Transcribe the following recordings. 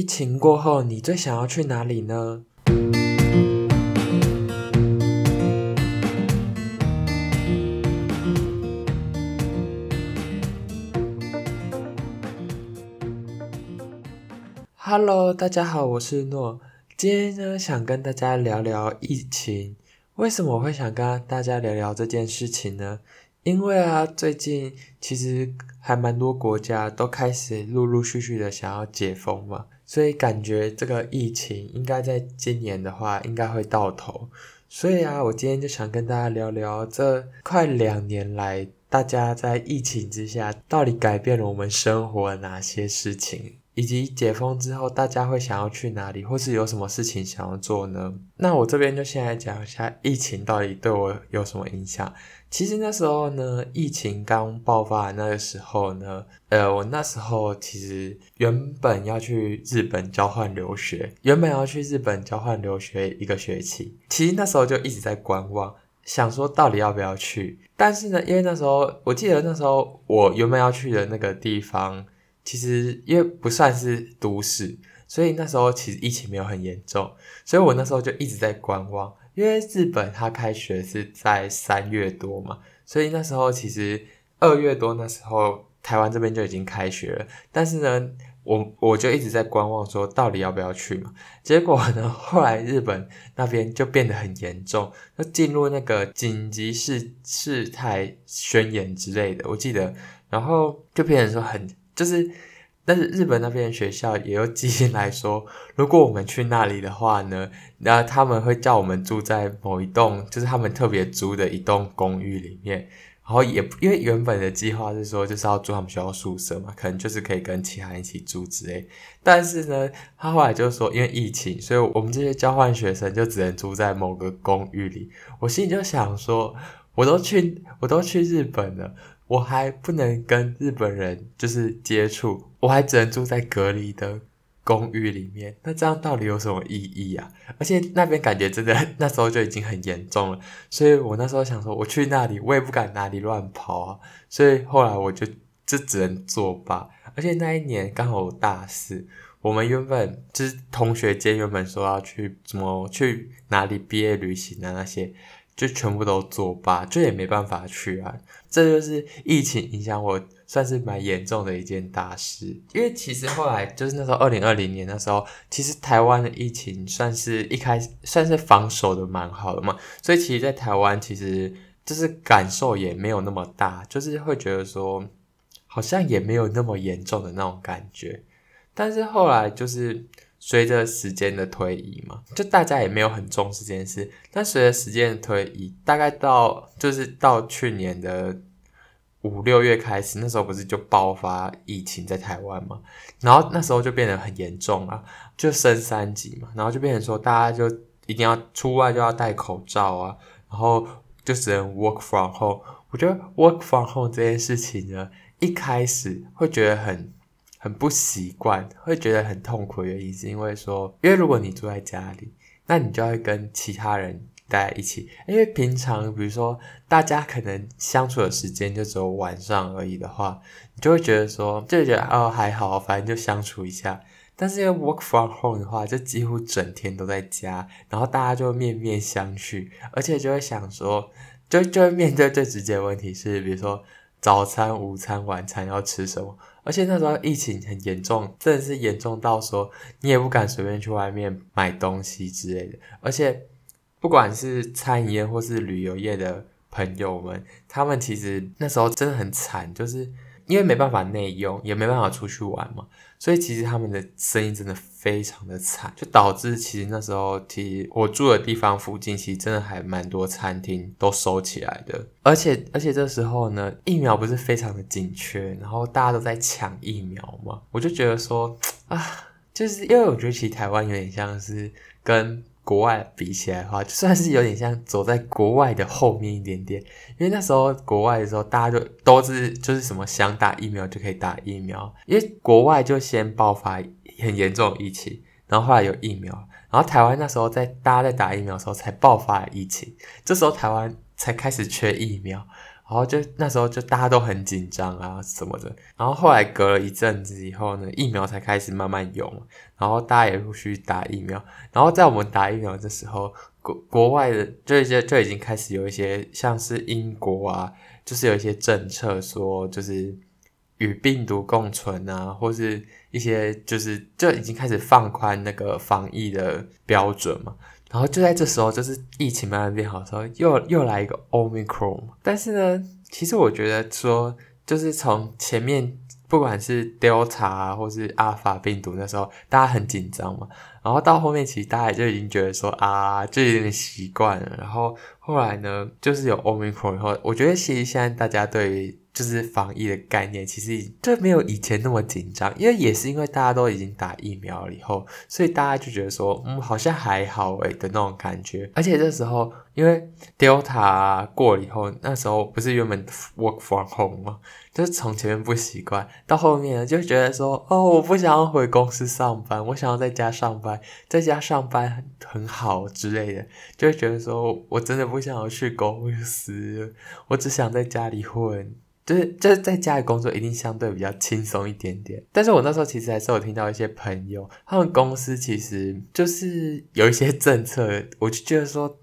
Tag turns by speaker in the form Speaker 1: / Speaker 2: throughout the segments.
Speaker 1: 疫情過後，你最想要去哪裡呢？Hello，大家好，我是諾，今天呢想跟大家聊聊疫情。為什麼我會想跟大家聊聊這件事情呢？因為啊，最近其實還蠻多國家都開始陸陸續續的想要解封嘛。所以感覺這個疫情應該在今年的話，應該會到頭。所以啊，我今天就想跟大家聊聊，這快兩年來，大家在疫情之下，到底改變了我們生活哪些事情？以及解封之後，大家會想要去哪裡，或是有什麼事情想要做呢？那我這邊就先來講一下，疫情到底對我有什麼影響。其實那時候呢，疫情剛爆發的那個時候呢，呃，我那時候其實原本要去日本交換留學，原本要去日本交換留學一個學期。其實那時候就一直在觀望，想說到底要不要去。但是呢，因為那時候我記得那時候我原本要去的那個地方，其實因為不算是都市，所以那時候其實疫情沒有很嚴重，所以我那時候就一直在觀望。因為日本他開學是在三月多嘛，所以那時候其實二月多那時候台灣這邊就已經開學了。但是呢，我我就一直在觀望，說到底要不要去嘛？結果呢，後來日本那邊就變得很嚴重，就進入那個緊急事事態宣言之類的，我記得，然後就變成說很。就是，但是日本那邊學校也有寄信來說，如果我們去那裡的話呢，那他們會叫我們住在某一棟，就是他們特別租的一棟公寓裡面。然後也因為原本的計劃是說，就是要住他們學校宿舍嘛，可能就是可以跟其他人一起住之類。但是呢，他後來就說，因為疫情，所以我們這些交換學生就只能住在某個公寓裡。我心裡就想說，我都去，我都去日本了。我還不能跟日本人就是接觸，我還只能住在隔離的公寓裡面。那這樣到底有什麼意義啊？而且那邊感覺真的那時候就已經很嚴重了，所以我那時候想說，我去那裡我也不敢哪裡亂跑啊。所以後來我就就只能作罷。而且那一年剛好大四，我們原本就是同學間原本說要去怎麼去哪裡畢業旅行啊那些。就全部都作罷，就也沒辦法去啊。這就是疫情影響我算是蠻嚴重的一件大事。因為其實後來就是那時候二零二零年那時候，其實台灣的疫情算是一開始算是防守的蠻好的嘛，所以其實，在台灣其實就是感受也沒有那麼大，就是會覺得說好像也沒有那麼嚴重的那種感覺。但是後來就是。隨着時間的推移嘛，就大家也沒有很重視這件事。但隨着時間的推移，大概到就是到去年的五六月開始，那時候不是就爆發疫情在台灣嘛？然後那時候就變得很嚴重啊。就升三級嘛。然後就變成說，大家就一定要出外就要戴口罩啊，然後就只能 work from home。我覺得 work from home 這件事情呢，一開始會覺得很。很不習慣，會覺得很痛苦的原因，是因為說，因為如果你住在家裡，那你就會跟其他人待在一起。因為平常，比如說大家可能相處的時間就只有晚上而已的話，你就會覺得說，就會覺得哦、呃、還好，反正就相處一下。但是因為 work from home 的話，就幾乎整天都在家，然後大家就會面面相覷，而且就會想說，就就會面對最直接的問題是，比如說早餐、午餐、晚餐要吃什麼。而且那時候疫情很嚴重，真的是嚴重到說你也不敢隨便去外面買東西之類的。而且不管是餐飲業或是旅遊業的朋友們，他們其實那時候真的很慘，就是。因為沒辦法內用，也沒辦法出去玩嘛，所以其實他們的生意真的非常的慘，就導致其實那時候，其實我住的地方附近，其實真的還蠻多餐廳都收起來的，而且而且這時候呢，疫苗不是非常的緊缺，然後大家都在搶疫苗嘛，我就覺得說啊，就是因為我覺得其實台灣有點像是跟。國外比起來的話，就算是有點像走在國外的後面一點點。因為那時候國外的時候，大家就都是就是什麼想打疫苗就可以打疫苗。因為國外就先爆發很嚴重的疫情，然後後來有疫苗，然後台灣那時候在大家在打疫苗的時候才爆發了疫情，這時候台灣才開始缺疫苗。然後就那時候就大家都很緊張啊什麼的，然後後來隔了一陣子以後呢，疫苗才開始慢慢有，然後大家也陸續打疫苗。然後在我們打疫苗的時候，國國外的就一些就，就已經開始有一些像是英國啊，就是有一些政策說就是與病毒共存啊，或是一些就是就已經開始放寬那個防疫的標準嘛。然後就在這時候，就是疫情慢慢變好之後，又又來一個奧密克戎。但是呢，其實我覺得說，就是從前面不管是 Delta 啊，或是阿爾法病毒的時候，大家很緊張嘛。然後到後面，其實大家也就已經覺得說啊，就有點點習慣了。然後後來呢，就是有奧密克戎以後，我覺得其實現在大家對於，就是防疫的概念，其實就沒有以前那麼緊張，因為也是因為大家都已經打疫苗了以後，所以大家就覺得說，嗯，好像還好誒、欸、的那種感覺。而且這時候，因為 Delta、啊、過了以後，那時候不是原本 Work from Home 嗎？就是從前面不習慣到後面，就覺得說，哦，我不想要回公司上班，我想要在家上班，在家上班很好之類的，就會覺得說我真的不想要去公司，我只想在家裡混。就是就是在家裡工作，一定相對比較輕鬆一點點。但是我那時候其實還是有聽到一些朋友，他們公司其實就是有一些政策，我就覺得說，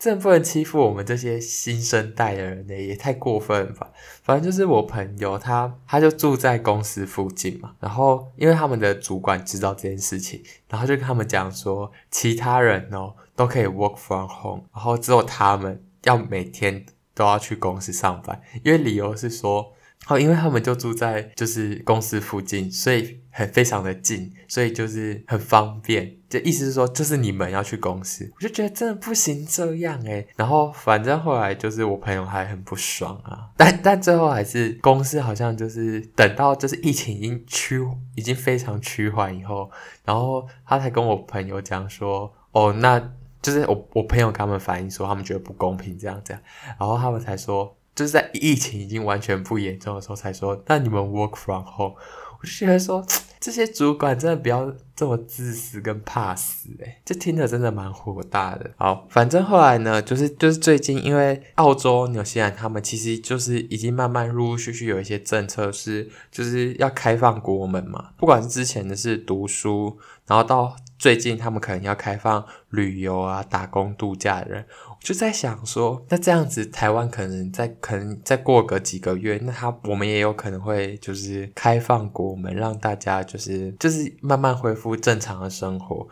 Speaker 1: 政府欺負我們這些新生代的人呢，也太過分了吧。反正就是我朋友他，他就住在公司附近嘛，然後因為他們的主管知道這件事情，然後就跟他們講說，其他人哦都可以 work from home，然後只有他們要每天，都要去公司上班，因為理由是說，哦，因為他們就住在就是公司附近，所以很非常的近，所以就是很方便。就意思是說，就是你們要去公司，我就覺得真的不行這樣誒、欸。然後反正後來就是我朋友還很不爽啊，但但最後還是公司好像就是等到就是疫情已經趨已經非常趨緩以後，然後他才跟我朋友講說，哦，那。就是我我朋友跟他們反映說，他們覺得不公平這樣子，然後他們才說，就是在疫情已經完全不嚴重的時候才說，那你們 work from home，我就覺得說，這些主管真的不要這麼自私跟怕死誒、欸，這聽着真的蠻火大的。好，反正後來呢，就是就是最近因為澳洲、紐西蘭他們其實就是已經慢慢陸陸續續有一些政策是就是要開放國門嘛，不管是之前的是讀書，然後到。最近他們可能要開放旅游啊，打工度假的人，我就在想說，那這樣子台灣可能再可能再過個幾個月，那他我們也有可能會就是開放國門，讓大家就是就是慢慢恢復正常的生活。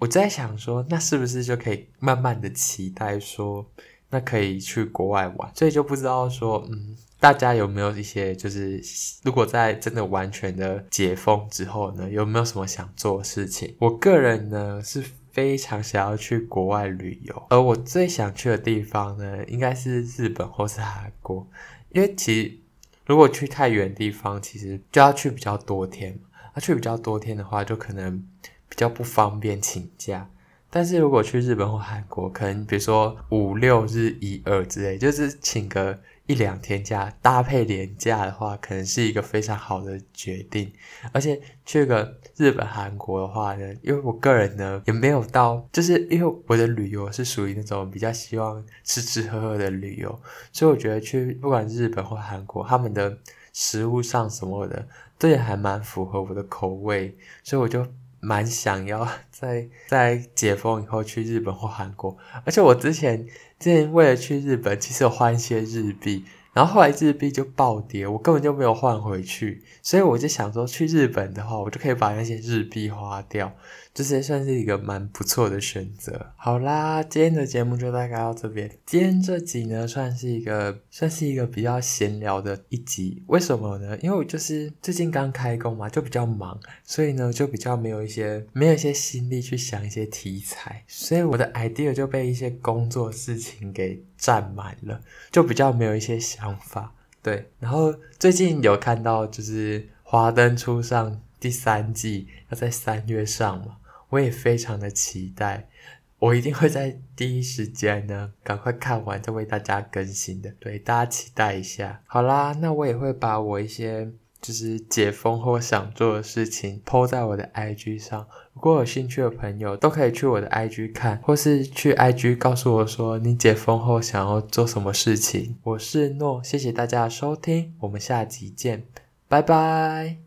Speaker 1: 我在想說，那是不是就可以慢慢的期待說，那可以去國外玩？所以就不知道說，嗯。大家有沒有一些就是，如果在真的完全的解封之後呢，有沒有什麼想做的事情？我個人呢是非常想要去國外旅遊，而我最想去的地方呢，應該是日本或是韓國，因為其實如果去太遠地方，其實就要去比較多天，要、啊、去比較多天的話，就可能比較不方便請假。但是如果去日本或韓國，可能比如說五六日一二之類，就是請個一兩天假搭配連假的話，可能是一個非常好的決定。而且去個日本、韓國的話呢，因為我個人呢也沒有到，就是因為我的旅遊是屬於那種比較希望吃吃喝喝的旅遊，所以我覺得去不管日本或韓國，他們的食物上什麼的，都還蠻符合我的口味，所以我就。蠻想要在在解封以後去日本或韓國，而且我之前之前為了去日本，其實有換一些日幣，然後後來日幣就暴跌，我根本就沒有換回去，所以我就想說，去日本的話，我就可以把那些日幣花掉。這些算是一個蠻不錯的選擇。好啦，今天的節目就大概到這邊。今天這集呢，算是一個算是一個比較閒聊的一集。為什麼呢？因為我就是最近剛開工嘛，就比較忙，所以呢，就比較沒有一些沒有一些心力去想一些題材，所以我的 idea 就被一些工作事情給佔滿了，就比較沒有一些想法。對，然後最近有看到就是《華燈初上》第三季要在三月上嘛。我也非常的期待，我一定會在第一時間呢，趕快看完再為大家更新的，對，大家期待一下。好啦，那我也會把我一些就是解封後想做的事情 PO 在我的 IG 上，如果有興趣的朋友都可以去我的 IG 看，或是去 IG 告訴我說你解封後想要做什麼事情。我是諾，謝謝大家的收聽，我們下集見，拜拜。